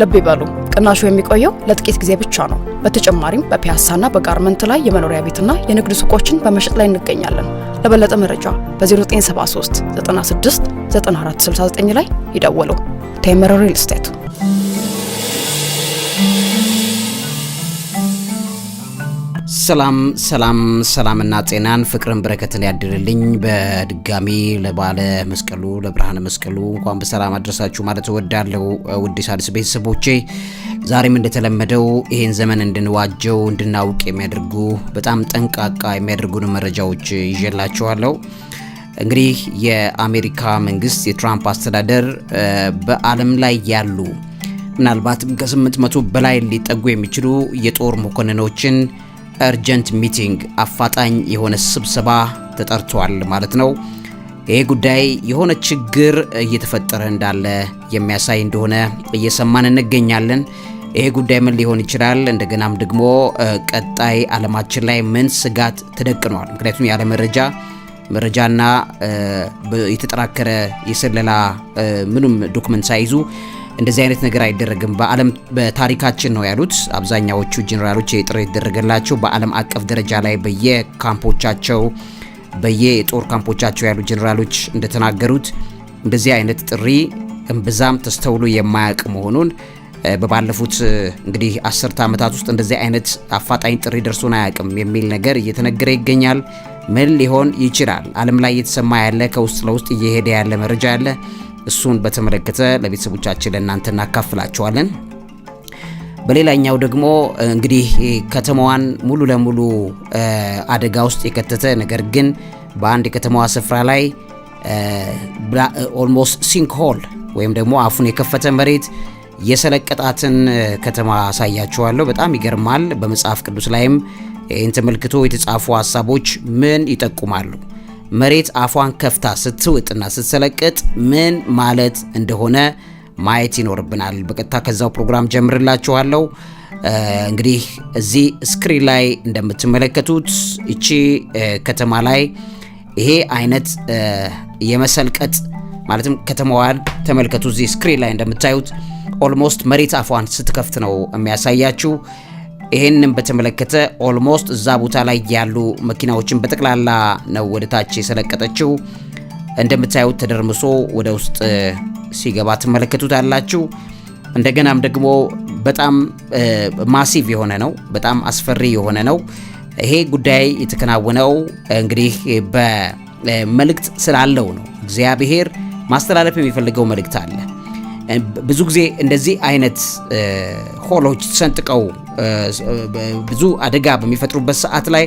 ልብ ይበሉ ቅናሹ የሚቆየው ለጥቂት ጊዜ ብቻ ነው። በተጨማሪም በፒያሳና በጋርመንት ላይ የመኖሪያ ቤትና የንግድ ሱቆችን በመሸጥ ላይ እንገኛለን። ለበለጠ መረጃ በ0973 96 9469 ላይ ይደውሉ። ቴምር ሪል ስቴት ሰላም ሰላም ሰላምና ጤናን ፍቅርን በረከትን ያድርልኝ። በድጋሚ ለባለ መስቀሉ ለብርሃነ መስቀሉ እንኳን በሰላም አድረሳችሁ ማለት እወዳለሁ። ውድ ሣድስ ቤተሰቦቼ ዛሬም እንደተለመደው ይህን ዘመን እንድንዋጀው እንድናውቅ የሚያደርጉ በጣም ጠንቃቃ የሚያደርጉን መረጃዎች ይዤላችኋለሁ። እንግዲህ የአሜሪካ መንግስት የትራምፕ አስተዳደር በዓለም ላይ ያሉ ምናልባትም ከ800 በላይ ሊጠጉ የሚችሉ የጦር መኮንኖችን እርጀንት ሚቲንግ አፋጣኝ የሆነ ስብሰባ ተጠርቷል ማለት ነው። ይህ ጉዳይ የሆነ ችግር እየተፈጠረ እንዳለ የሚያሳይ እንደሆነ እየሰማን እንገኛለን። ይሄ ጉዳይ ምን ሊሆን ይችላል? እንደገናም ደግሞ ቀጣይ አለማችን ላይ ምን ስጋት ተደቅኗል? ምክንያቱም ያለ መረጃ መረጃና የተጠራከረ የስለላ ምንም ዶክመንት ሳይዙ እንደዚህ አይነት ነገር አይደረግም በዓለም በታሪካችን ነው ያሉት። አብዛኛዎቹ ጄኔራሎች ጥሪ የተደረገላቸው በዓለም አቀፍ ደረጃ ላይ በየካምፖቻቸው በየጦር ካምፖቻቸው ያሉ ጀነራሎች እንደተናገሩት እንደዚህ አይነት ጥሪ እምብዛም ተስተውሎ የማያውቅ መሆኑን በባለፉት እንግዲህ አስርተ ዓመታት ውስጥ እንደዚህ አይነት አፋጣኝ ጥሪ ደርሶን አያውቅም የሚል ነገር እየተነገረ ይገኛል። ምን ሊሆን ይችላል? ዓለም ላይ እየተሰማ ያለ ከውስጥ ለውስጥ እየሄደ ያለ መረጃ ያለ እሱን በተመለከተ ለቤተሰቦቻችን ለእናንተ እናካፍላቸዋለን። በሌላኛው ደግሞ እንግዲህ ከተማዋን ሙሉ ለሙሉ አደጋ ውስጥ የከተተ ነገር ግን በአንድ የከተማዋ ስፍራ ላይ ኦልሞስት ሲንክ ሆል ወይም ደግሞ አፉን የከፈተ መሬት የሰለቀጣትን ከተማ አሳያችኋለሁ። በጣም ይገርማል። በመጽሐፍ ቅዱስ ላይም ይህን ተመልክቶ የተጻፉ ሀሳቦች ምን ይጠቁማሉ? መሬት አፏን ከፍታ ስትውጥና ስትሰለቅጥ ምን ማለት እንደሆነ ማየት ይኖርብናል። በቀጥታ ከዛው ፕሮግራም ጀምርላችኋለሁ። እንግዲህ እዚህ ስክሪን ላይ እንደምትመለከቱት እቺ ከተማ ላይ ይሄ አይነት የመሰልቀጥ ማለትም ከተማዋን ተመልከቱ። እዚህ ስክሪን ላይ እንደምታዩት ኦልሞስት መሬት አፏን ስትከፍት ነው የሚያሳያችሁ። ይህንን በተመለከተ ኦልሞስት እዛ ቦታ ላይ ያሉ መኪናዎችን በጠቅላላ ነው ወደ ታች የሰለቀጠችው። እንደምታዩት ተደርምሶ ወደ ውስጥ ሲገባ ትመለከቱታላችሁ። እንደገናም ደግሞ በጣም ማሲቭ የሆነ ነው፣ በጣም አስፈሪ የሆነ ነው። ይሄ ጉዳይ የተከናወነው እንግዲህ በመልእክት ስላለው ነው። እግዚአብሔር ማስተላለፍ የሚፈልገው መልእክት አለ። ብዙ ጊዜ እንደዚህ አይነት ሆሎች ሰንጥቀው ብዙ አደጋ በሚፈጥሩበት ሰዓት ላይ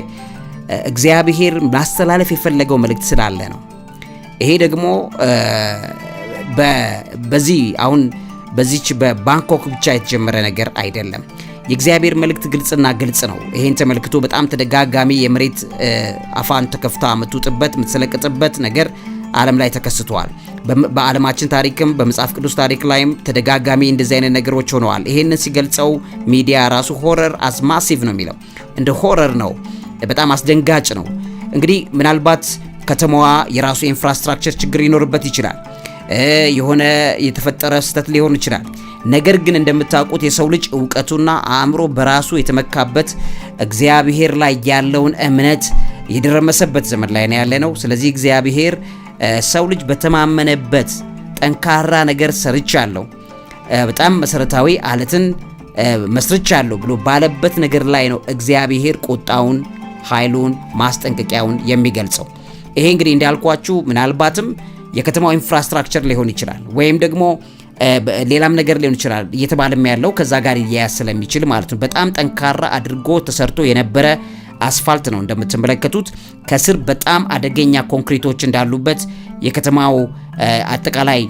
እግዚአብሔር ማስተላለፍ የፈለገው መልእክት ስላለ ነው። ይሄ ደግሞ በዚህ አሁን በዚች በባንኮክ ብቻ የተጀመረ ነገር አይደለም። የእግዚአብሔር መልእክት ግልጽና ግልጽ ነው። ይሄን ተመልክቶ በጣም ተደጋጋሚ የመሬት አፋን ተከፍታ የምትውጥበት የምትሰለቅጥበት ነገር ዓለም ላይ ተከስቷል። በዓለማችን ታሪክም በመጽሐፍ ቅዱስ ታሪክ ላይም ተደጋጋሚ እንደዚህ አይነት ነገሮች ሆነዋል። ይህንን ሲገልጸው ሚዲያ ራሱ ሆረር ማሲቭ ነው የሚለው እንደ ሆረር ነው፣ በጣም አስደንጋጭ ነው። እንግዲህ ምናልባት ከተማዋ የራሱ ኢንፍራስትራክቸር ችግር ሊኖርበት ይችላል። የሆነ የተፈጠረ ስህተት ሊሆን ይችላል። ነገር ግን እንደምታውቁት የሰው ልጅ እውቀቱና አእምሮ በራሱ የተመካበት እግዚአብሔር ላይ ያለውን እምነት የደረመሰበት ዘመን ላይ ነው ያለ ነው። ስለዚህ እግዚአብሔር ሰው ልጅ በተማመነበት ጠንካራ ነገር ሰርቻለሁ፣ በጣም መሰረታዊ አለትን መስርቻለሁ ብሎ ባለበት ነገር ላይ ነው እግዚአብሔር ቁጣውን፣ ኃይሉን፣ ማስጠንቀቂያውን የሚገልጸው። ይሄ እንግዲህ እንዳልኳችሁ ምናልባትም የከተማው ኢንፍራስትራክቸር ሊሆን ይችላል ወይም ደግሞ ሌላም ነገር ሊሆን ይችላል እየተባለም ያለው ከዛ ጋር እያያዝ ስለሚችል ማለት ነው። በጣም ጠንካራ አድርጎ ተሰርቶ የነበረ አስፋልት ነው እንደምትመለከቱት። ከስር በጣም አደገኛ ኮንክሪቶች እንዳሉበት የከተማው አጠቃላይ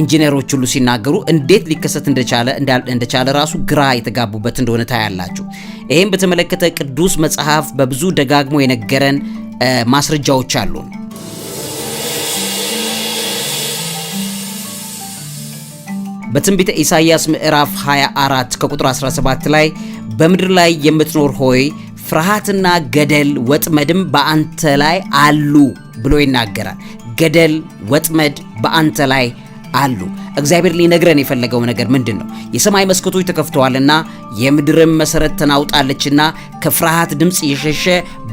ኢንጂነሮች ሁሉ ሲናገሩ እንዴት ሊከሰት እንደቻለ እንደቻለ ራሱ ግራ የተጋቡበት እንደሆነ ታያላችሁ። ይህም በተመለከተ ቅዱስ መጽሐፍ በብዙ ደጋግሞ የነገረን ማስረጃዎች አሉን። በትንቢተ ኢሳይያስ ምዕራፍ 24 ከቁጥር 17 ላይ በምድር ላይ የምትኖር ሆይ ፍርሃትና ገደል ወጥመድም በአንተ ላይ አሉ ብሎ ይናገራል። ገደል ወጥመድ በአንተ ላይ አሉ። እግዚአብሔር ሊነግረን የፈለገው ነገር ምንድን ነው? የሰማይ መስኮቶች ተከፍተዋልና የምድርም መሰረት ተናውጣለችና ከፍርሃት ድምፅ የሸሸ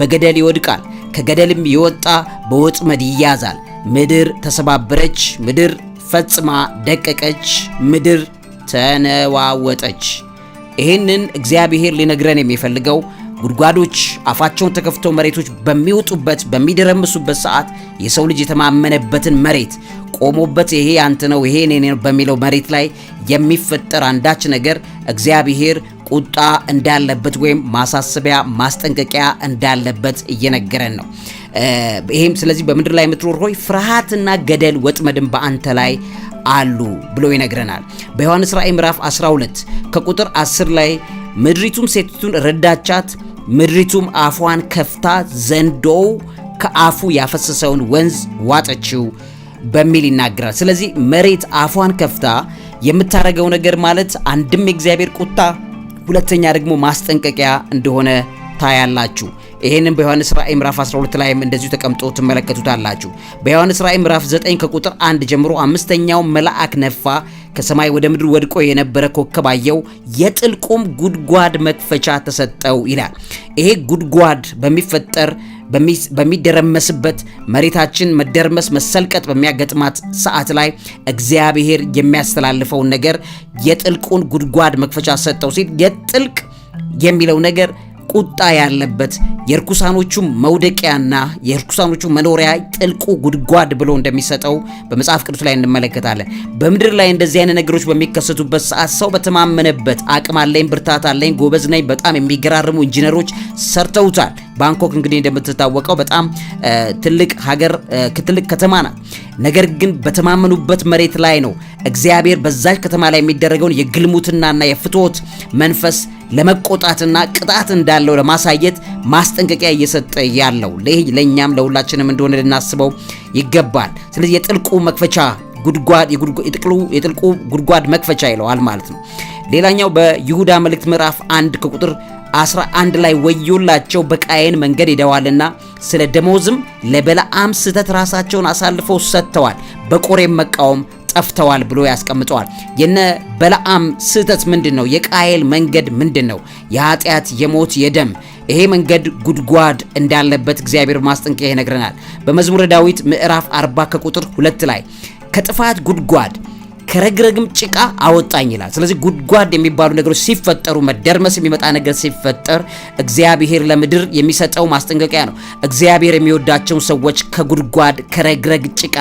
በገደል ይወድቃል፣ ከገደልም የወጣ በወጥመድ ይያዛል። ምድር ተሰባበረች፣ ምድር ፈጽማ ደቀቀች፣ ምድር ተነዋወጠች። ይህንን እግዚአብሔር ሊነግረን የሚፈልገው ጉድጓዶች አፋቸውን ተከፍተው መሬቶች በሚወጡበት በሚደረምሱበት ሰዓት የሰው ልጅ የተማመነበትን መሬት ቆሞበት ይሄ አንተ ነው ይሄ እኔ ነው በሚለው መሬት ላይ የሚፈጠር አንዳች ነገር እግዚአብሔር ቁጣ እንዳለበት ወይም ማሳሰቢያ ማስጠንቀቂያ እንዳለበት እየነገረን ነው። ይሄም ስለዚህ በምድር ላይ የምትኖር ሆይ ፍርሃትና ገደል ወጥመድን በአንተ ላይ አሉ ብሎ ይነግረናል። በዮሐንስ ራእይ ምዕራፍ 12 ከቁጥር 10 ላይ ምድሪቱም ሴቲቱን ረዳቻት ምድሪቱም አፏን ከፍታ ዘንዶው ከአፉ ያፈሰሰውን ወንዝ ዋጠችው በሚል ይናገራል። ስለዚህ መሬት አፏን ከፍታ የምታደርገው ነገር ማለት አንድም የእግዚአብሔር ቁጣ፣ ሁለተኛ ደግሞ ማስጠንቀቂያ እንደሆነ ታያላችሁ። ይህንም በዮሐንስ ራእይ ምዕራፍ 12 ላይም እንደዚሁ ተቀምጦ ትመለከቱታላችሁ። በዮሐንስ ራእይ ምዕራፍ 9 ከቁጥር 1 ጀምሮ አምስተኛው መልአክ ነፋ ከሰማይ ወደ ምድር ወድቆ የነበረ ኮከብ አየው፣ የጥልቁም ጉድጓድ መክፈቻ ተሰጠው ይላል። ይሄ ጉድጓድ በሚፈጠር በሚደረመስበት መሬታችን መደርመስ መሰልቀጥ በሚያገጥማት ሰዓት ላይ እግዚአብሔር የሚያስተላልፈውን ነገር የጥልቁን ጉድጓድ መክፈቻ ሰጠው ሲል የጥልቅ የሚለው ነገር ቁጣ ያለበት የርኩሳኖቹ መውደቂያና የርኩሳኖቹ መኖሪያ ጥልቁ ጉድጓድ ብሎ እንደሚሰጠው በመጽሐፍ ቅዱስ ላይ እንመለከታለን። በምድር ላይ እንደዚህ አይነት ነገሮች በሚከሰቱበት ሰዓት ሰው በተማመነበት አቅም አለኝ፣ ብርታት አለኝ፣ ጎበዝ ነኝ፣ በጣም የሚገራርሙ ኢንጂነሮች ሰርተውታል። ባንኮክ እንግዲህ እንደምትታወቀው በጣም ትልቅ ሀገር ትልቅ ከተማ ናት። ነገር ግን በተማመኑበት መሬት ላይ ነው እግዚአብሔር በዛች ከተማ ላይ የሚደረገውን የግልሙትናና የፍትወት መንፈስ ለመቆጣትና ቅጣት እንዳለው ለማሳየት ማስጠንቀቂያ እየሰጠ ያለው ይህ ለኛም ለሁላችንም እንደሆነ ልናስበው ይገባል። ስለዚህ የጥልቁ መክፈቻ ጉድጓድ የጥልቁ ጉድጓድ መክፈቻ ይለዋል ማለት ነው። ሌላኛው በይሁዳ መልእክት ምዕራፍ 1 ከቁጥር 11 ላይ ወዮላቸው በቃየን መንገድ ሄደዋልና ስለ ደሞዝም ለበለዓም ስህተት ራሳቸውን አሳልፈው ሰጥተዋል፣ በቆሬም መቃወም ጠፍተዋል ብሎ ያስቀምጠዋል። የነ በለዓም ስህተት ምንድን ነው? የቃየል መንገድ ምንድን ነው? የኃጢአት የሞት የደም ይሄ መንገድ ጉድጓድ እንዳለበት እግዚአብሔር ማስጠንቀቂያ ይነግረናል። በመዝሙረ ዳዊት ምዕራፍ 40 ከቁጥር ሁለት ላይ ከጥፋት ጉድጓድ ከረግረግም ጭቃ አወጣኝ ይላል። ስለዚህ ጉድጓድ የሚባሉ ነገሮች ሲፈጠሩ፣ መደርመስ የሚመጣ ነገር ሲፈጠር እግዚአብሔር ለምድር የሚሰጠው ማስጠንቀቂያ ነው። እግዚአብሔር የሚወዳቸውን ሰዎች ከጉድጓድ ከረግረግ ጭቃ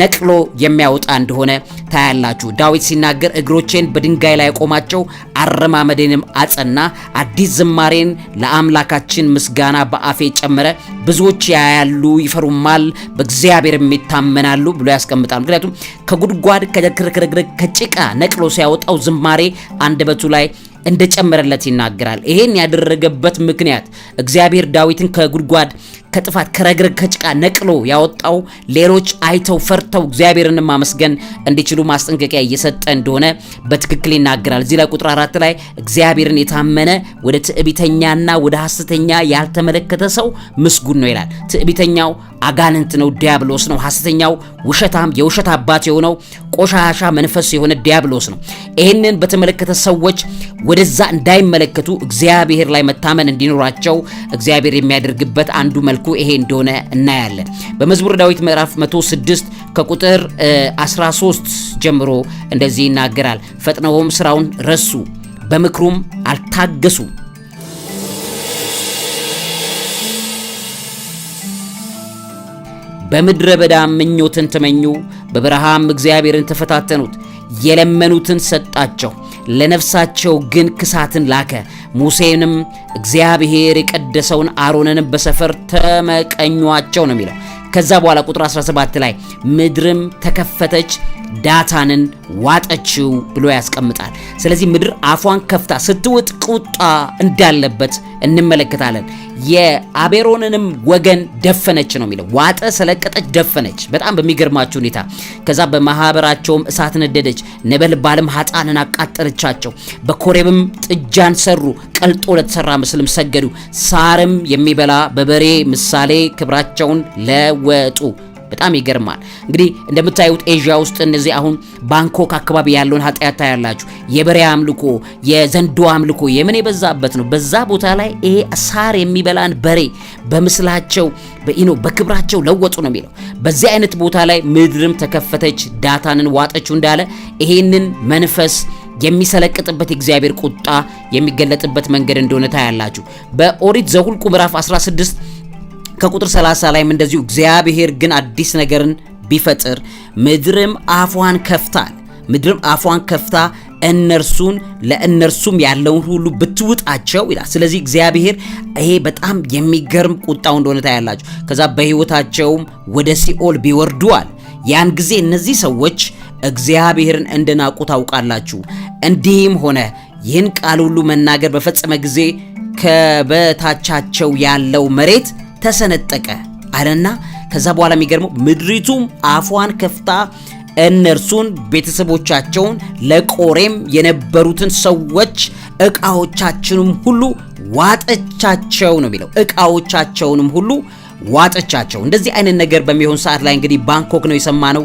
ነቅሎ የሚያወጣ እንደሆነ ታያላችሁ። ዳዊት ሲናገር እግሮቼን በድንጋይ ላይ ቆማቸው አረማመዴንም አጸና፣ አዲስ ዝማሬን ለአምላካችን ምስጋና በአፌ ጨመረ። ብዙዎች ያያሉ ይፈሩማል፣ በእግዚአብሔርም ይታመናሉ ብሎ ያስቀምጣል። ምክንያቱም ከጉድጓድ ከክርክርግርግ ከጭቃ ነቅሎ ሲያወጣው ዝማሬ አንደበቱ ላይ እንደጨመረለት ይናገራል። ይሄን ያደረገበት ምክንያት እግዚአብሔር ዳዊትን ከጉድጓድ ከጥፋት ከረግረግ ከጭቃ ነቅሎ ያወጣው ሌሎች አይተው ፈርተው እግዚአብሔርን ማመስገን እንዲችሉ ማስጠንቀቂያ እየሰጠ እንደሆነ በትክክል ይናገራል። እዚህ ላይ ቁጥር አራት ላይ እግዚአብሔርን የታመነ ወደ ትዕቢተኛና ወደ ሐሰተኛ ያልተመለከተ ሰው ምስጉን ነው ይላል። ትዕቢተኛው አጋንንት ነው፣ ዲያብሎስ ነው። ሐሰተኛው ውሸታም፣ የውሸት አባት የሆነው ቆሻሻ መንፈስ የሆነ ዲያብሎስ ነው። ይህንን በተመለከተ ሰዎች ወደዛ እንዳይመለከቱ እግዚአብሔር ላይ መታመን እንዲኖራቸው እግዚአብሔር የሚያደርግበት አንዱ መልክ መልኩ ይሄ እንደሆነ እናያለን። በመዝሙር ዳዊት ምዕራፍ 106 ከቁጥር 13 ጀምሮ እንደዚህ ይናገራል። ፈጥነውም ስራውን ረሱ፣ በምክሩም አልታገሱም። በምድረ በዳ ምኞትን ተመኙ፣ በበረሃም እግዚአብሔርን ተፈታተኑት። የለመኑትን ሰጣቸው፣ ለነፍሳቸው ግን ክሳትን ላከ። ሙሴንም እግዚአብሔር የቀደሰውን አሮንን በሰፈር ተመቀኟቸው ነው የሚለው። ከዛ በኋላ ቁጥር 17 ላይ ምድርም ተከፈተች ዳታንን ዋጠችው ብሎ ያስቀምጣል። ስለዚህ ምድር አፏን ከፍታ ስትውጥ ቁጣ እንዳለበት እንመለከታለን። የአቤሮንንም ወገን ደፈነች ነው የሚለው ዋጠ፣ ሰለቀጠች፣ ደፈነች። በጣም በሚገርማችሁ ሁኔታ ከዛ በማህበራቸውም እሳት ነደደች፣ ነበልባልም ሀጣንን አቃጠለቻቸው። በኮሬብም ጥጃን ሰሩ፣ ቀልጦ ለተሰራ ምስልም ሰገዱ። ሳርም የሚበላ በበሬ ምሳሌ ክብራቸውን ለወጡ። በጣም ይገርማል። እንግዲህ እንደምታዩት ኤዥያ ውስጥ እነዚህ አሁን ባንኮክ አካባቢ ያለውን ኃጢአት ታያላችሁ። የበሬ አምልኮ፣ የዘንዶ አምልኮ የምን የበዛበት ነው። በዛ ቦታ ላይ ይሄ ሳር የሚበላን በሬ በምስላቸው በኢኖ በክብራቸው ለወጡ ነው የሚለው። በዚህ አይነት ቦታ ላይ ምድርም ተከፈተች፣ ዳታንን ዋጠችው እንዳለ ይሄንን መንፈስ የሚሰለቅጥበት የእግዚአብሔር ቁጣ የሚገለጥበት መንገድ እንደሆነ ታያላችሁ። በኦሪት ዘኍልቍ ምዕራፍ 16 ከቁጥር 30 ላይም እንደዚሁ እግዚአብሔር ግን አዲስ ነገርን ቢፈጥር ምድርም አፏን ከፍታል ምድርም አፏን ከፍታ እነርሱን ለእነርሱም ያለውን ሁሉ ብትውጣቸው ይላል። ስለዚህ እግዚአብሔር ይሄ በጣም የሚገርም ቁጣው እንደሆነ ታያላችሁ። ከዛ በህይወታቸውም ወደ ሲኦል ቢወርዱ አለ ያን ጊዜ እነዚህ ሰዎች እግዚአብሔርን እንደናቁ ታውቃላችሁ። እንዲህም ሆነ ይህን ቃል ሁሉ መናገር በፈጸመ ጊዜ ከበታቻቸው ያለው መሬት ተሰነጠቀ አለና ከዛ በኋላ የሚገርመው ምድሪቱም አፏን ከፍታ እነርሱን ቤተሰቦቻቸውን፣ ለቆሬም የነበሩትን ሰዎች ዕቃዎቻቸውንም ሁሉ ዋጠቻቸው ነው የሚለው። ዕቃዎቻቸውንም ሁሉ ዋጠቻቸው። እንደዚህ አይነት ነገር በሚሆን ሰዓት ላይ እንግዲህ ባንኮክ ነው የሰማነው።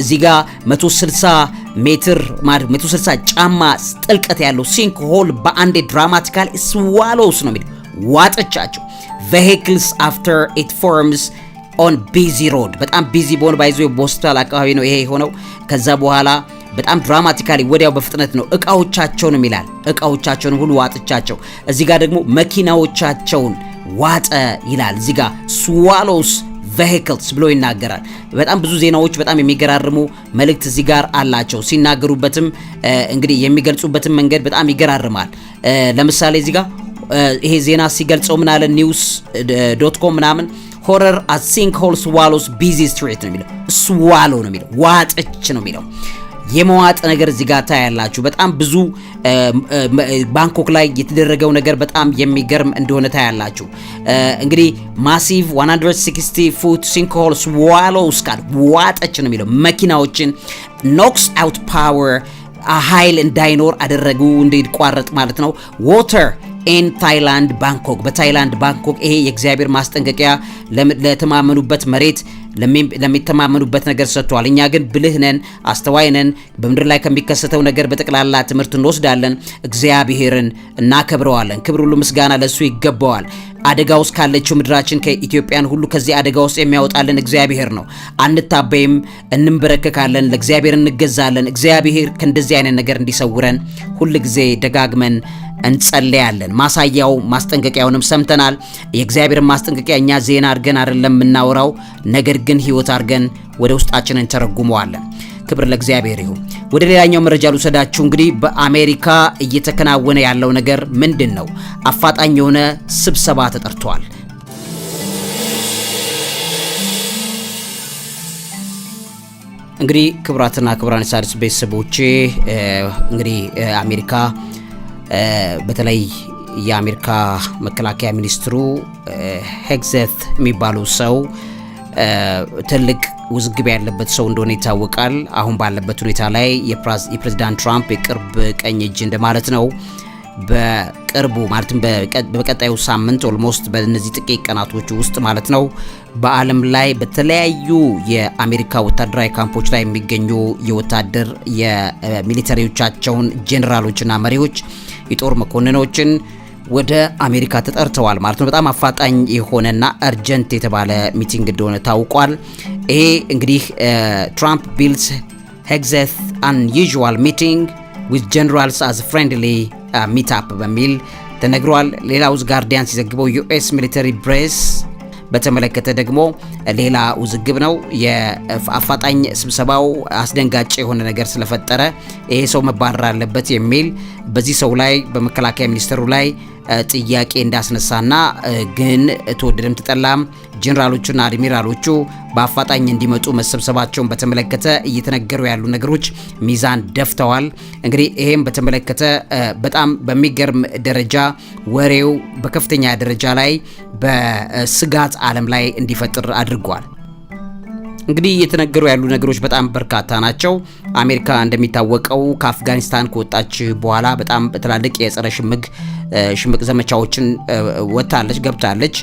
እዚህ ጋር 160 ሜትር 160 ጫማ ጥልቀት ያለው ሲንክ ሆል በአንዴ ድራማቲካል ስዋሎውስ ነው የሚለው ዋጠቻቸው። ቬሂክልስ አፍተር ኢት ፎርምስ ኦን ቢዚ ሮድ በጣም ቢዚ በሆነ ባይዞ ቦስታል አካባቢ ነው ይሄ የሆነው። ከዛ በኋላ በጣም ድራማቲካሊ ወዲያው በፍጥነት ነው እቃዎቻቸውንም ይላል እቃዎቻቸውን ሁሉ ዋጥቻቸው። እዚህ ጋር ደግሞ መኪናዎቻቸውን ዋጠ ይላል እዚህ ጋር ስዋሎስ ቬሂክልስ ብሎ ይናገራል። በጣም ብዙ ዜናዎች በጣም የሚገራርሙ መልእክት እዚህ ጋር አላቸው። ሲናገሩበትም እንግዲህ የሚገልጹበትም መንገድ በጣም ይገራርማል። ለምሳሌ እዚህ ጋር ይሄ ዜና ሲገልጸው ምን አለ? ኒውስ ዶት ኮም ምናምን ሆረር አት ሲንክ ስዋሎስ ቢዚ ስትሪት ነው የሚለው ስዋሎ ነው የሚለው ዋጠች ነው የሚለው የመዋጥ ነገር እዚህ ጋር ታያላችሁ። በጣም ብዙ ባንኮክ ላይ የተደረገው ነገር በጣም የሚገርም እንደሆነ ታያላችሁ። እንግዲህ ማሲቭ 160 ፉት ሲንክሆልስ ዋሎ ጋር ዋጠች ነው የሚለው መኪናዎችን ኖክስ አውት ፓወር ኃይል እንዳይኖር አደረጉ እንዲቋረጥ ማለት ነው። ዋተር ኤን ታይላንድ ባንኮክ በታይላንድ ባንኮክ ይሄ የእግዚአብሔር ማስጠንቀቂያ ለተማመኑበት መሬት ለሚተማመኑበት ነገር ሰጥቷል። እኛ ግን ብልህ ነን፣ አስተዋይ ነን፣ በምድር ላይ ከሚከሰተው ነገር በጠቅላላ ትምህርት እንወስዳለን፣ እግዚአብሔርን እናከብረዋለን። ክብር ሁሉ ምስጋና ለእሱ ይገባዋል። አደጋ ውስጥ ካለችው ምድራችን ከኢትዮጵያን ሁሉ ከዚህ አደጋ ውስጥ የሚያወጣልን እግዚአብሔር ነው። አንታበይም፣ እንንበረከካለን፣ ለእግዚአብሔር እንገዛለን። እግዚአብሔር ከእንደዚህ አይነት ነገር እንዲሰውረን ጊዜ ደጋግመን እንጸለያለን። ማሳያው ማስጠንቀቂያውንም ሰምተናል። የእግዚአብሔርን ማስጠንቀቂያ እኛ ዜና አድርገን አይደለም የምናወራው፣ ነገር ግን ህይወት አድርገን ወደ ውስጣችን እንተረጉመዋለን። ክብር ለእግዚአብሔር ይሁን። ወደ ሌላኛው መረጃ ልውሰዳችሁ። እንግዲህ በአሜሪካ እየተከናወነ ያለው ነገር ምንድን ነው? አፋጣኝ የሆነ ስብሰባ ተጠርቷል። እንግዲህ ክብራትና ክብራን ሣድስ ቤተሰቦቼ እንግዲህ አሜሪካ በተለይ የአሜሪካ መከላከያ ሚኒስትሩ ሄግዘት የሚባሉ ሰው ትልቅ ውዝግብ ያለበት ሰው እንደሆነ ይታወቃል። አሁን ባለበት ሁኔታ ላይ የፕሬዚዳንት ትራምፕ የቅርብ ቀኝ እጅ እንደማለት ነው። በቅርቡ ማለትም በቀጣዩ ሳምንት ኦልሞስት በእነዚህ ጥቂት ቀናቶች ውስጥ ማለት ነው በዓለም ላይ በተለያዩ የአሜሪካ ወታደራዊ ካምፖች ላይ የሚገኙ የወታደር የሚሊተሪዎቻቸውን ጄኔራሎችና መሪዎች የጦር መኮንኖችን ወደ አሜሪካ ተጠርተዋል ማለት ነው። በጣም አፋጣኝ የሆነና አርጀንት የተባለ ሚቲንግ እንደሆነ ታውቋል። ይሄ እንግዲህ ትራምፕ ቢልስ ሄግዘት አንዩዥዋል ሚቲንግ ዊዝ ጀነራልስ አዝ ፍሬንድሊ ሚታፕ በሚል ተነግሯል። ሌላው ጋርዲያን ሲዘግበው ዩኤስ ሚሊተሪ ብሬስ በተመለከተ ደግሞ ሌላ ውዝግብ ነው። የአፋጣኝ ስብሰባው አስደንጋጭ የሆነ ነገር ስለፈጠረ ይሄ ሰው መባረር አለበት የሚል በዚህ ሰው ላይ በመከላከያ ሚኒስትሩ ላይ ጥያቄ እንዳስነሳና ግን ተወደደም ተጠላም ጄኔራሎቹና አድሚራሎቹ በአፋጣኝ እንዲመጡ መሰብሰባቸውን በተመለከተ እየተነገሩ ያሉ ነገሮች ሚዛን ደፍተዋል። እንግዲህ ይሄም በተመለከተ በጣም በሚገርም ደረጃ ወሬው በከፍተኛ ደረጃ ላይ በስጋት ዓለም ላይ እንዲፈጥር አድርጓል። እንግዲህ እየተነገሩ ያሉ ነገሮች በጣም በርካታ ናቸው። አሜሪካ እንደሚታወቀው ከአፍጋኒስታን ከወጣች በኋላ በጣም ትላልቅ የጸረ ሽምግ ሽምቅ ዘመቻዎችን ወጥታለች፣ ገብታለች።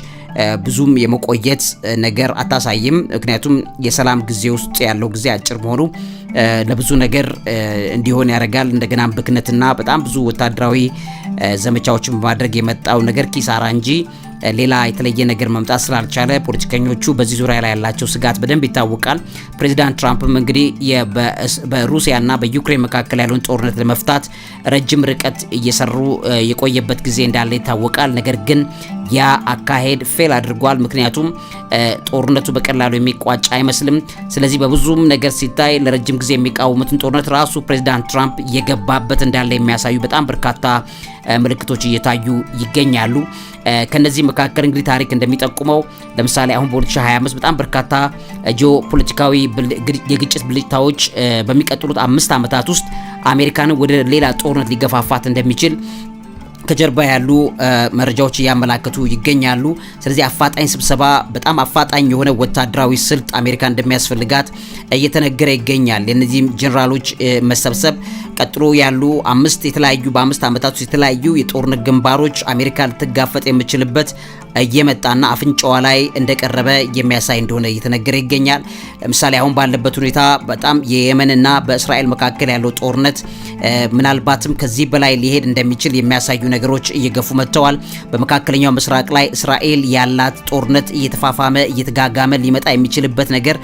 ብዙም የመቆየት ነገር አታሳይም። ምክንያቱም የሰላም ጊዜ ውስጥ ያለው ጊዜ አጭር መሆኑ ለብዙ ነገር እንዲሆን ያደርጋል። እንደገና ብክነትና በጣም ብዙ ወታደራዊ ዘመቻዎችን በማድረግ የመጣው ነገር ኪሳራ እንጂ ሌላ የተለየ ነገር መምጣት ስላልቻለ ፖለቲከኞቹ በዚህ ዙሪያ ላይ ያላቸው ስጋት በደንብ ይታወቃል። ፕሬዚዳንት ትራምፕም እንግዲህ በሩሲያና በዩክሬን መካከል ያለውን ጦርነት ለመፍታት ረጅም ርቀት እየሰሩ የቆየበት ጊዜ እንዳለ ይታወቃል። ነገር ግን ያ አካሄድ ፌል አድርጓል። ምክንያቱም ጦርነቱ በቀላሉ የሚቋጭ አይመስልም። ስለዚህ በብዙም ነገር ሲታይ ለረጅም ጊዜ የሚቃወሙትን ጦርነት ራሱ ፕሬዚዳንት ትራምፕ የገባበት እንዳለ የሚያሳዩ በጣም በርካታ ምልክቶች እየታዩ ይገኛሉ። ከነዚህ መካከል እንግዲህ ታሪክ እንደሚጠቁመው ለምሳሌ አሁን በ2025 በጣም በርካታ ፖለቲካዊ የግጭት ብልጭታዎች በሚቀጥሉት አምስት ዓመታት ውስጥ አሜሪካንን ወደ ሌላ ጦርነት ሊገፋፋት እንደሚችል ከጀርባ ያሉ መረጃዎች እያመላከቱ ይገኛሉ። ስለዚህ አፋጣኝ ስብሰባ፣ በጣም አፋጣኝ የሆነ ወታደራዊ ስልት አሜሪካ እንደሚያስፈልጋት እየተነገረ ይገኛል። የእነዚህም ጀኔራሎች መሰብሰብ ቀጥሎ ያሉ አምስት የተለያዩ በአምስት ዓመታት ውስጥ የተለያዩ የጦርነት ግንባሮች አሜሪካ ልትጋፈጥ የምችልበት እየመጣና አፍንጫዋ ላይ እንደቀረበ የሚያሳይ እንደሆነ እየተነገረ ይገኛል። ለምሳሌ አሁን ባለበት ሁኔታ በጣም የየመንና በእስራኤል መካከል ያለው ጦርነት ምናልባትም ከዚህ በላይ ሊሄድ እንደሚችል የሚያሳዩ ነገሮች እየገፉ መጥተዋል። በመካከለኛው ምስራቅ ላይ እስራኤል ያላት ጦርነት እየተፋፋመ እየተጋጋመ ሊመጣ የሚችልበት ነገር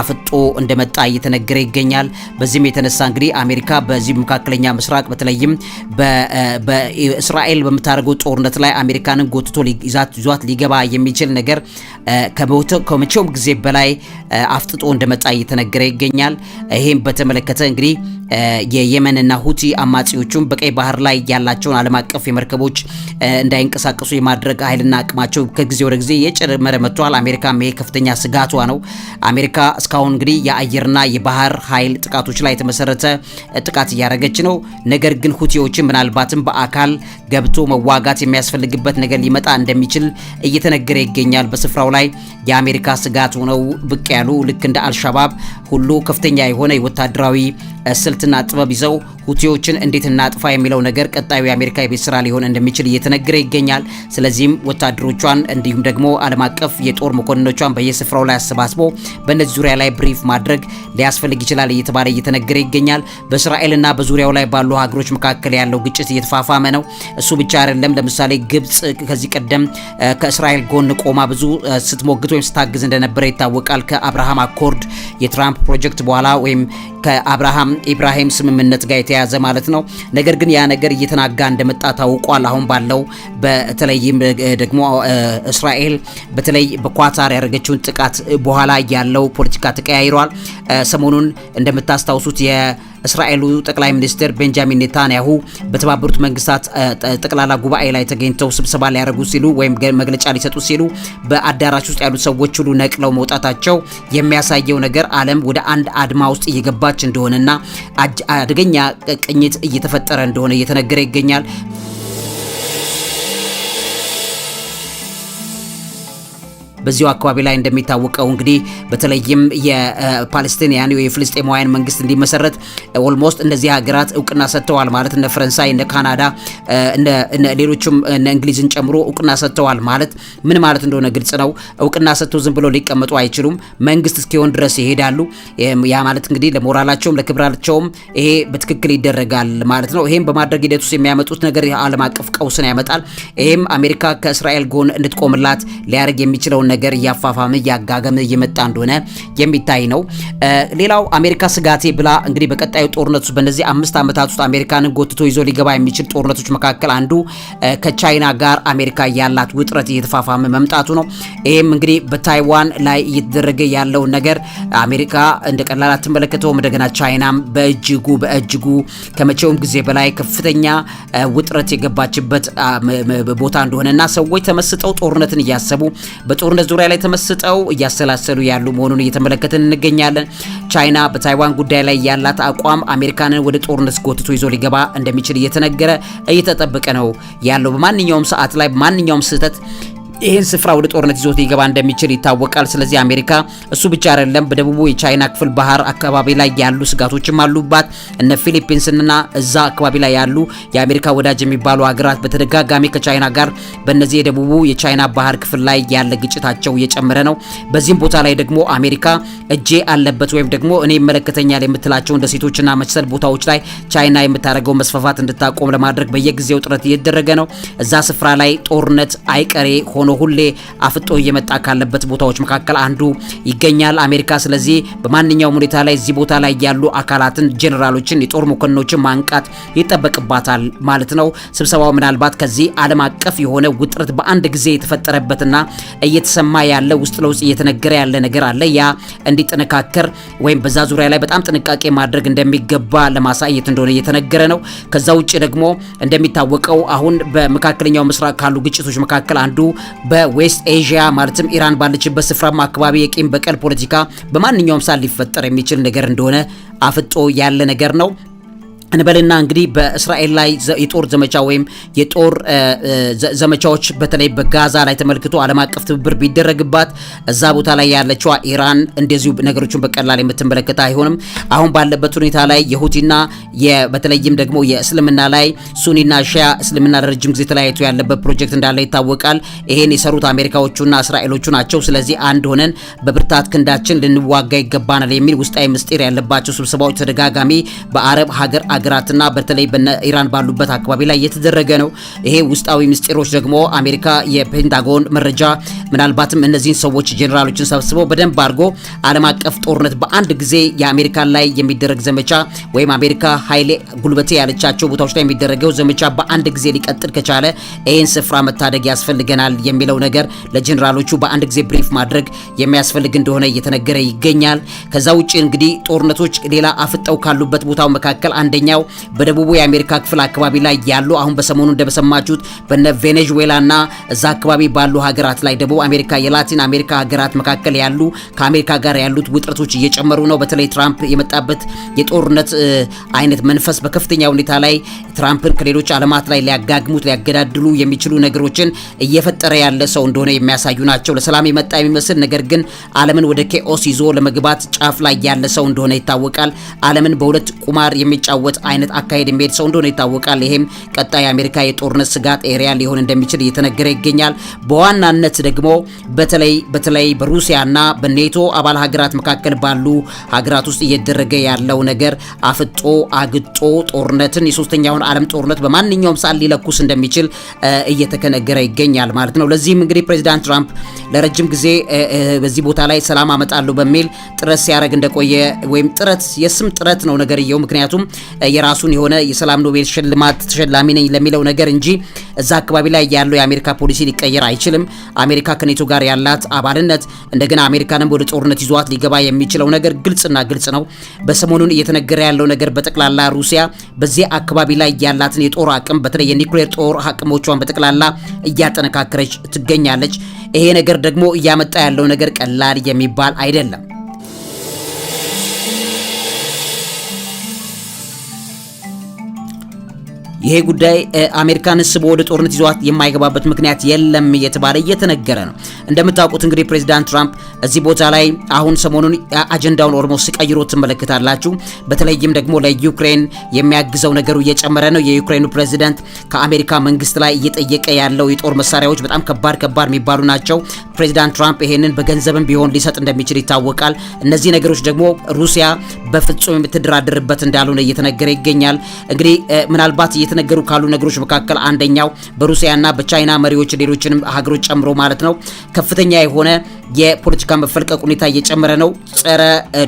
አፍጦ እንደመጣ እየተነገረ ይገኛል። በዚህም የተነሳ እንግዲህ አሜሪካ በዚህ መካከለኛ ምስራቅ በተለይም በእስራኤል በምታደርገው ጦርነት ላይ አሜሪካንን ጎትቶ ይዟት ሊገባ የሚችል ነገር ከመቼውም ጊዜ በላይ አፍጥጦ እንደመጣ እየተነገረ ይገኛል። ይህም በተመለከተ እንግዲህ የየመንና ሁቲ አማጺዎቹም በቀይ ባህር ላይ ያላቸውን ዓለም አቀፍ መርከቦች እንዳይንቀሳቀሱ የማድረግ ኃይልና አቅማቸው ከጊዜ ወደ ጊዜ የጨመረ መጥቷል። አሜሪካ ይሄ ከፍተኛ ስጋቷ ነው። አሜሪካ እስካሁን እንግዲህ የአየርና የባህር ኃይል ጥቃቶች ላይ የተመሰረተ ጥቃት እያደረገች ነው። ነገር ግን ሁቲዎችን ምናልባትም በአካል ገብቶ መዋጋት የሚያስፈልግበት ነገር ሊመጣ እንደሚችል እየተነገረ ይገኛል። በስፍራው ላይ የአሜሪካ ስጋት ሆነው ብቅ ያሉ ልክ እንደ አልሻባብ ሁሉ ከፍተኛ የሆነ የወታደራዊ ስልትና ጥበብ ይዘው ሁቲዎችን እንዴት እናጥፋ የሚለው ነገር ቀጣዩ የአሜሪካ የቤት ስራ ሊሆን እንደሚችል እየተነገረ ይገኛል። ስለዚህም ወታደሮቿን እንዲሁም ደግሞ ዓለም አቀፍ የጦር መኮንኖቿን በየስፍራው ላይ አሰባስቦ በእነዚህ ዙሪያ ላይ ብሪፍ ማድረግ ሊያስፈልግ ይችላል እየተባለ እየተነገረ ይገኛል። በእስራኤልና በዙሪያው ላይ ባሉ ሀገሮች መካከል ያለው ግጭት እየተፋፋመ ነው። እሱ ብቻ አይደለም። ለምሳሌ ግብጽ ከዚህ ቀደም ከእስራኤል ጎን ቆማ ብዙ ስትሞግት ወይም ስታግዝ እንደነበረ ይታወቃል። ከአብርሃም አኮርድ የትራምፕ ፕሮጀክት በኋላ ወይም ከአብርሃም ኢብራሂም ስምምነት ጋር የተያያዘ ማለት ነው። ነገር ግን ያ ነገር እየተናጋ እንደመጣ ታውቋል። ታውቋል። አሁን ባለው በተለይም ደግሞ እስራኤል በተለይ በኳታር ያደረገችውን ጥቃት በኋላ ያለው ፖለቲካ ተቀያይሯል። ሰሞኑን እንደምታስታውሱት የእስራኤሉ ጠቅላይ ሚኒስትር ቤንጃሚን ኔታንያሁ በተባበሩት መንግስታት ጠቅላላ ጉባኤ ላይ ተገኝተው ስብሰባ ሊያደርጉ ሲሉ ወይም መግለጫ ሊሰጡ ሲሉ በአዳራሽ ውስጥ ያሉት ሰዎች ሁሉ ነቅለው መውጣታቸው የሚያሳየው ነገር ዓለም ወደ አንድ አድማ ውስጥ እየገባች እንደሆነና አደገኛ ቅኝት እየተፈጠረ እንደሆነ እየተነገረ ይገኛል። በዚሁ አካባቢ ላይ እንደሚታወቀው እንግዲህ በተለይም የፓለስቲንያን የፍልስጤማውያን መንግስት እንዲመሰረት ኦልሞስት እነዚህ ሀገራት እውቅና ሰጥተዋል ማለት እነ ፈረንሳይ፣ እነ ካናዳ፣ እነ ሌሎችም እነ እንግሊዝን ጨምሮ እውቅና ሰጥተዋል ማለት ምን ማለት እንደሆነ ግልጽ ነው። እውቅና ሰጥተው ዝም ብሎ ሊቀመጡ አይችሉም። መንግስት እስኪሆን ድረስ ይሄዳሉ። ያ ማለት እንግዲህ ለሞራላቸውም ለክብራቸውም ይሄ በትክክል ይደረጋል ማለት ነው። ይሄም በማድረግ ሂደት ውስጥ የሚያመጡት ነገር የዓለም አቀፍ ቀውስን ያመጣል። ይሄም አሜሪካ ከእስራኤል ጎን እንድትቆምላት ሊያደርግ የሚችለውን ነገር እያፋፋመ እያጋገመ እየመጣ እንደሆነ የሚታይ ነው። ሌላው አሜሪካ ስጋቴ ብላ እንግዲህ በቀጣዩ ጦርነት ውስጥ በእነዚህ አምስት ዓመታት ውስጥ አሜሪካንን ጎትቶ ይዞ ሊገባ የሚችል ጦርነቶች መካከል አንዱ ከቻይና ጋር አሜሪካ ያላት ውጥረት እየተፋፋመ መምጣቱ ነው። ይህም እንግዲህ በታይዋን ላይ እየተደረገ ያለውን ነገር አሜሪካ እንደ ቀላል አትመለከተውም። እንደገና ቻይናም በእጅጉ በእጅጉ ከመቼውም ጊዜ በላይ ከፍተኛ ውጥረት የገባችበት ቦታ እንደሆነና ሰዎች ተመስጠው ጦርነትን እያሰቡ በጦርነት ጦርነት ዙሪያ ላይ ተመስጠው እያሰላሰሉ ያሉ መሆኑን እየተመለከትን እንገኛለን። ቻይና በታይዋን ጉዳይ ላይ ያላት አቋም አሜሪካንን ወደ ጦርነት ጎትቶ ይዞ ሊገባ እንደሚችል እየተነገረ እየተጠበቀ ነው ያለው። በማንኛውም ሰዓት ላይ በማንኛውም ስህተት ይህን ስፍራ ወደ ጦርነት ይዞት ሊገባ እንደሚችል ይታወቃል። ስለዚህ አሜሪካ እሱ ብቻ አይደለም፣ በደቡቡ የቻይና ክፍል ባህር አካባቢ ላይ ያሉ ስጋቶችም አሉባት። እነ ፊሊፒንስና እዛ አካባቢ ላይ ያሉ የአሜሪካ ወዳጅ የሚባሉ ሀገራት በተደጋጋሚ ከቻይና ጋር በእነዚህ የደቡቡ የቻይና ባህር ክፍል ላይ ያለ ግጭታቸው እየጨመረ ነው። በዚህም ቦታ ላይ ደግሞ አሜሪካ እጄ አለበት ወይም ደግሞ እኔ ይመለከተኛል የምትላቸው እንደ መሰል ቦታዎች ላይ ቻይና የምታደርገው መስፋፋት እንድታቆም ለማድረግ በየጊዜው ጥረት እየተደረገ ነው። እዛ ስፍራ ላይ ጦርነት አይቀሬ ሆኖ ሆኖ ሁሌ አፍጦ እየመጣ ካለበት ቦታዎች መካከል አንዱ ይገኛል። አሜሪካ ስለዚህ በማንኛውም ሁኔታ ላይ እዚህ ቦታ ላይ ያሉ አካላትን፣ ጄኔራሎችን፣ የጦር መኮንኖችን ማንቃት ይጠበቅባታል ማለት ነው። ስብሰባው ምናልባት ከዚህ ዓለም አቀፍ የሆነ ውጥረት በአንድ ጊዜ የተፈጠረበትና እየተሰማ ያለ ውስጥ ለውስጥ እየተነገረ ያለ ነገር አለ። ያ እንዲጠነካከር ወይም በዛ ዙሪያ ላይ በጣም ጥንቃቄ ማድረግ እንደሚገባ ለማሳየት እንደሆነ እየተነገረ ነው። ከዛ ውጭ ደግሞ እንደሚታወቀው አሁን በመካከለኛው ምስራቅ ካሉ ግጭቶች መካከል አንዱ በዌስት ኤዥያ ማለትም ኢራን ባለችበት ስፍራም አካባቢ የቂም በቀል ፖለቲካ በማንኛውም ሰዓት ሊፈጠር የሚችል ነገር እንደሆነ አፍጦ ያለ ነገር ነው። እንበልና እንግዲህ በእስራኤል ላይ የጦር ዘመቻ ወይም የጦር ዘመቻዎች በተለይ በጋዛ ላይ ተመልክቶ ዓለም አቀፍ ትብብር ቢደረግባት እዛ ቦታ ላይ ያለችዋ ኢራን እንደዚሁ ነገሮችን በቀላል የምትመለከት አይሆንም። አሁን ባለበት ሁኔታ ላይ የሁቲና በተለይም ደግሞ የእስልምና ላይ ሱኒና ሺያ እስልምና ለረጅም ጊዜ ተለያይቶ ያለበት ፕሮጀክት እንዳለ ይታወቃል። ይሄን የሰሩት አሜሪካዎቹና እስራኤሎቹ ናቸው። ስለዚህ አንድ ሆነን በብርታት ክንዳችን ልንዋጋ ይገባናል የሚል ውስጣዊ ምስጢር ያለባቸው ስብሰባዎች ተደጋጋሚ በአረብ ሀገር ሀገራትና በተለይ በነ ኢራን ባሉበት አካባቢ ላይ የተደረገ ነው። ይሄ ውስጣዊ ምስጢሮች ደግሞ አሜሪካ የፔንታጎን መረጃ ምናልባትም እነዚህን ሰዎች ጄኔራሎችን ሰብስበው በደንብ አድርጎ ዓለም አቀፍ ጦርነት በአንድ ጊዜ የአሜሪካ ላይ የሚደረግ ዘመቻ ወይም አሜሪካ ኃይሌ ጉልበቴ ያለቻቸው ቦታዎች ላይ የሚደረገው ዘመቻ በአንድ ጊዜ ሊቀጥል ከቻለ ይህን ስፍራ መታደግ ያስፈልገናል የሚለው ነገር ለጄኔራሎቹ በአንድ ጊዜ ብሪፍ ማድረግ የሚያስፈልግ እንደሆነ እየተነገረ ይገኛል። ከዛ ውጭ እንግዲህ ጦርነቶች ሌላ አፍጠው ካሉበት ቦታው መካከል አንደኛ ሁለተኛው በደቡቡ የአሜሪካ ክፍል አካባቢ ላይ ያሉ አሁን በሰሞኑ እንደበሰማችሁት በነ ቬኔዙዌላና እዛ አካባቢ ባሉ ሀገራት ላይ ደቡብ አሜሪካ የላቲን አሜሪካ ሀገራት መካከል ያሉ ከአሜሪካ ጋር ያሉት ውጥረቶች እየጨመሩ ነው። በተለይ ትራምፕ የመጣበት የጦርነት አይነት መንፈስ በከፍተኛ ሁኔታ ላይ ትራምፕን ከሌሎች አለማት ላይ ሊያጋግሙት ሊያገዳድሉ የሚችሉ ነገሮችን እየፈጠረ ያለ ሰው እንደሆነ የሚያሳዩ ናቸው። ለሰላም የመጣ የሚመስል ነገር ግን አለምን ወደ ኬኦስ ይዞ ለመግባት ጫፍ ላይ ያለ ሰው እንደሆነ ይታወቃል። አለምን በሁለት ቁማር የሚጫወት አይነት አካሄድ የሚሄድ ሰው እንደሆነ ይታወቃል። ይሄም ቀጣይ የአሜሪካ የጦርነት ስጋት ኤሪያ ሊሆን እንደሚችል እየተነገረ ይገኛል። በዋናነት ደግሞ በተለይ በተለይ በሩሲያና በኔቶ አባል ሀገራት መካከል ባሉ ሀገራት ውስጥ እየደረገ ያለው ነገር አፍጦ አግጦ ጦርነትን የሶስተኛውን ዓለም ጦርነት በማንኛውም ሰዓት ሊለኩስ እንደሚችል እየተነገረ ይገኛል ማለት ነው። ለዚህም እንግዲህ ፕሬዚዳንት ትራምፕ ለረጅም ጊዜ በዚህ ቦታ ላይ ሰላም አመጣለሁ በሚል ጥረት ሲያደርግ እንደቆየ ወይም ጥረት የስም ጥረት ነው ነገርየው ምክንያቱም የራሱን የሆነ የሰላም ኖቤል ሽልማት ተሸላሚ ነኝ ለሚለው ነገር እንጂ እዛ አካባቢ ላይ ያለው የአሜሪካ ፖሊሲ ሊቀየር አይችልም። አሜሪካ ከኔቶ ጋር ያላት አባልነት እንደገና አሜሪካንም ወደ ጦርነት ይዟት ሊገባ የሚችለው ነገር ግልጽና ግልጽ ነው። በሰሞኑን እየተነገረ ያለው ነገር በጠቅላላ ሩሲያ በዚህ አካባቢ ላይ ያላትን የጦር አቅም በተለይ የኒውክሌር ጦር አቅሞቿን በጠቅላላ እያጠነካከረች ትገኛለች። ይሄ ነገር ደግሞ እያመጣ ያለው ነገር ቀላል የሚባል አይደለም። ይሄ ጉዳይ አሜሪካን ስቦ ወደ ጦርነት ይዟት የማይገባበት ምክንያት የለም እየተባለ እየተነገረ ነው። እንደምታውቁት እንግዲህ ፕሬዚዳንት ትራምፕ እዚህ ቦታ ላይ አሁን ሰሞኑን አጀንዳውን ኦልሞስት ቀይሮ ትመለከታላችሁ። በተለይም ደግሞ ለዩክሬን የሚያግዘው ነገሩ እየጨመረ ነው። የዩክሬኑ ፕሬዚዳንት ከአሜሪካ መንግስት ላይ እየጠየቀ ያለው የጦር መሳሪያዎች በጣም ከባድ ከባድ የሚባሉ ናቸው። ፕሬዚዳንት ትራምፕ ይሄንን በገንዘብም ቢሆን ሊሰጥ እንደሚችል ይታወቃል። እነዚህ ነገሮች ደግሞ ሩሲያ በፍጹም የምትደራደርበት እንዳልሆነ እየተነገረ ይገኛል። እንግዲህ ምናልባት እየተነገሩ ካሉ ነገሮች መካከል አንደኛው በሩሲያና በቻይና መሪዎች ሌሎችንም ሀገሮች ጨምሮ ማለት ነው ከፍተኛ የሆነ የፖለቲካ መፈልቀቅ ሁኔታ እየጨመረ ነው። ጸረ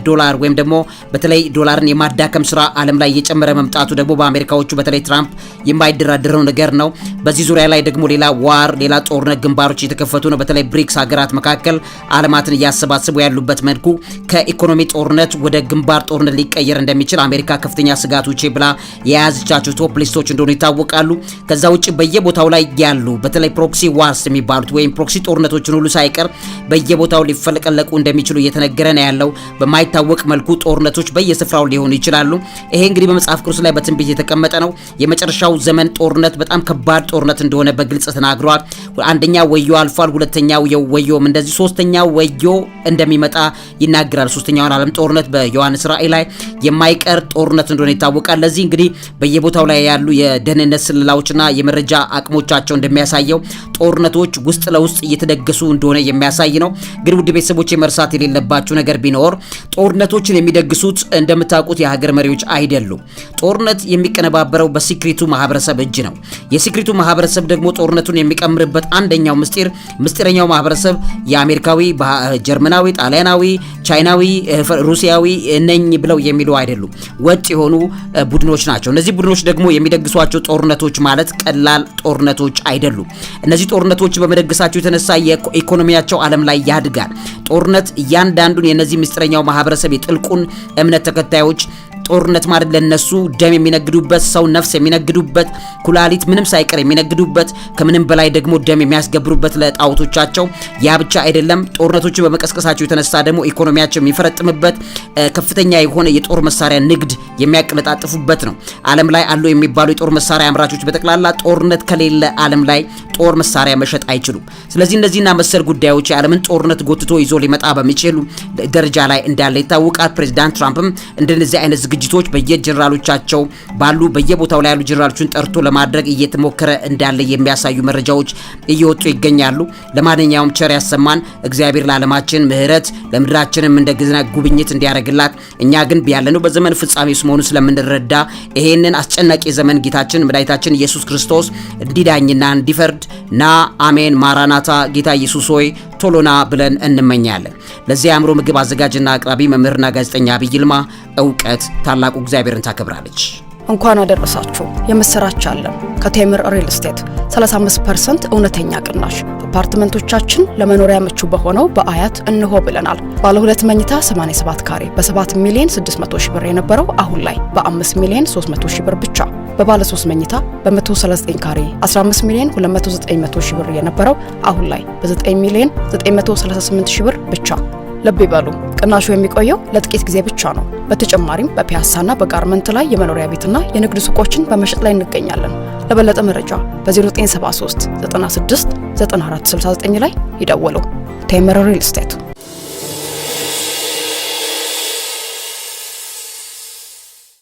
ዶላር ወይም ደግሞ በተለይ ዶላርን የማዳከም ስራ ዓለም ላይ እየጨመረ መምጣቱ ደግሞ በአሜሪካዎቹ በተለይ ትራምፕ የማይደራደረው ነገር ነው። በዚህ ዙሪያ ላይ ደግሞ ሌላ ዋር፣ ሌላ ጦርነት ግንባሮች እየተከፈቱ ነው። በተለይ ብሪክስ ሀገራት መካከል አለማትን እያሰባስቡ ያሉበት መልኩ ከኢኮኖሚ ጦርነት ወደ ግንባር ጦርነት ሊቀየር እንደሚችል አሜሪካ ከፍተኛ ስጋቶቼ ብላ የያዘቻቸው ቶፕ ሊስቶች እንደሆኑ ይታወቃሉ። ከዛ ውጭ በየቦታው ላይ ያሉ በተለይ ፕሮክሲ ዋርስ የሚባሉት ወይም ፕሮክሲ ጦርነቶችን ሁሉ ሳይቀር በየ በየቦታው ሊፈለቀለቁ እንደሚችሉ እየተነገረ ነው ያለው። በማይታወቅ መልኩ ጦርነቶች በየስፍራው ሊሆኑ ይችላሉ። ይሄ እንግዲህ በመጽሐፍ ቅዱስ ላይ በትንቢት የተቀመጠ ነው። የመጨረሻው ዘመን ጦርነት በጣም ከባድ ጦርነት እንደሆነ በግልጽ ተናግሯል አንደኛ ወዮ አልፏል። ሁለተኛው ወዮም እንደዚህ፣ ሶስተኛው ወዮ እንደሚመጣ ይናገራል። ሶስተኛውን ዓለም ጦርነት በዮሐንስ ራእይ ላይ የማይቀር ጦርነት እንደሆነ ይታወቃል። ለዚህ እንግዲህ በየቦታው ላይ ያሉ የደህንነት ስለላዎችና የመረጃ አቅሞቻቸው እንደሚያሳየው ጦርነቶች ውስጥ ለውስጥ እየተደገሱ እንደሆነ የሚያሳይ ነው። ግን ውድ ቤተሰቦች መርሳት የሌለባችሁ ነገር ቢኖር ጦርነቶችን የሚደግሱት እንደምታውቁት የሀገር መሪዎች አይደሉም። ጦርነት የሚቀነባበረው በሲክሪቱ ማህበረሰብ እጅ ነው። የሲክሪቱ ማህበረሰብ ደግሞ ጦርነቱን የሚቀምርበት አንደኛው ምስጢር ምስጢረኛው ማህበረሰብ የአሜሪካዊ፣ ጀርመናዊ፣ ጣሊያናዊ፣ ቻይናዊ፣ ሩሲያዊ ነኝ ብለው የሚሉ አይደሉም። ወጥ የሆኑ ቡድኖች ናቸው። እነዚህ ቡድኖች ደግሞ የሚደግሷቸው ጦርነቶች ማለት ቀላል ጦርነቶች አይደሉም። እነዚህ ጦርነቶች በመደግሳቸው የተነሳ የኢኮኖሚያቸው አለም ላይ ያድጋል። ጦርነት እያንዳንዱን የነዚህ ምስጢረኛው ማህበረሰብ የጥልቁን እምነት ተከታዮች ጦርነት ማለት ለነሱ ደም የሚነግዱበት ሰው ነፍስ የሚነግዱበት ኩላሊት ምንም ሳይቀር የሚነግዱበት ከምንም በላይ ደግሞ ደም የሚያስገብሩበት ለጣዖቶቻቸው። ያ ብቻ አይደለም፣ ጦርነቶችን በመቀስቀሳቸው የተነሳ ደግሞ ኢኮኖሚያቸው የሚፈረጥምበት ከፍተኛ የሆነ የጦር መሳሪያ ንግድ የሚያቀለጣጥፉበት ነው። ዓለም ላይ አሉ የሚባሉ የጦር መሳሪያ አምራቾች በጠቅላላ ጦርነት ከሌለ ዓለም ላይ ጦር መሳሪያ መሸጥ አይችሉም። ስለዚህ እነዚህና መሰል ጉዳዮች የዓለምን ጦርነት ጎትቶ ይዞ ሊመጣ በሚችሉ ደረጃ ላይ እንዳለ ይታወቃል። ፕሬዚዳንት ትራምፕም እንደነዚህ አይነት ዝግጅቶች በየጀነራሎቻቸው ባሉ በየቦታው ላይ ያሉ ጀነራሎችን ጠርቶ ለማድረግ እየተሞከረ እንዳለ የሚያሳዩ መረጃዎች እየወጡ ይገኛሉ። ለማንኛውም ቸር ያሰማን። እግዚአብሔር ለዓለማችን ምሕረት ለምድራችንም እንደገና ጉብኝት እንዲያደርግላት እኛ ግን ያለነው በዘመን ፍጻሜ ውስጥ መሆኑ ስለምንረዳ ይሄንን አስጨናቂ ዘመን ጌታችን መድኃኒታችን ኢየሱስ ክርስቶስ እንዲዳኝና እንዲፈርድ ና አሜን። ማራናታ ጌታ ኢየሱስ ሆይ ቶሎና ብለን እንመኛለን። ለዚህ የአእምሮ ምግብ አዘጋጅና አቅራቢ መምህርና ጋዜጠኛ አብይ ይልማ እውቀት ታላቁ እግዚአብሔርን ታከብራለች። እንኳን አደረሳችሁ። የምስራች አለን ከቴምር ሪል ስቴት 35% እውነተኛ ቅናሽ አፓርትመንቶቻችን ለመኖሪያ ምቹ በሆነው በአያት እንሆ ብለናል። ባለ ሁለት መኝታ 87 ካሬ በ7 ሚሊዮን 600 ሺህ ብር የነበረው አሁን ላይ በ5 ሚሊዮን 300 ሺህ ብር ብቻ በባለ 3 መኝታ በ139 ካሬ 15 ሚሊዮን 290 ሺህ ብር የነበረው አሁን ላይ በ9 ሚሊዮን 938 ሺህ ብር ብቻ። ልብ ይበሉ፣ ቅናሹ የሚቆየው ለጥቂት ጊዜ ብቻ ነው። በተጨማሪም በፒያሳና በጋርመንት ላይ የመኖሪያ ቤትና የንግድ ሱቆችን በመሸጥ ላይ እንገኛለን። ለበለጠ መረጃ በ0973 96 ላይ ይደውሉ። ቴምር ሪል ስቴት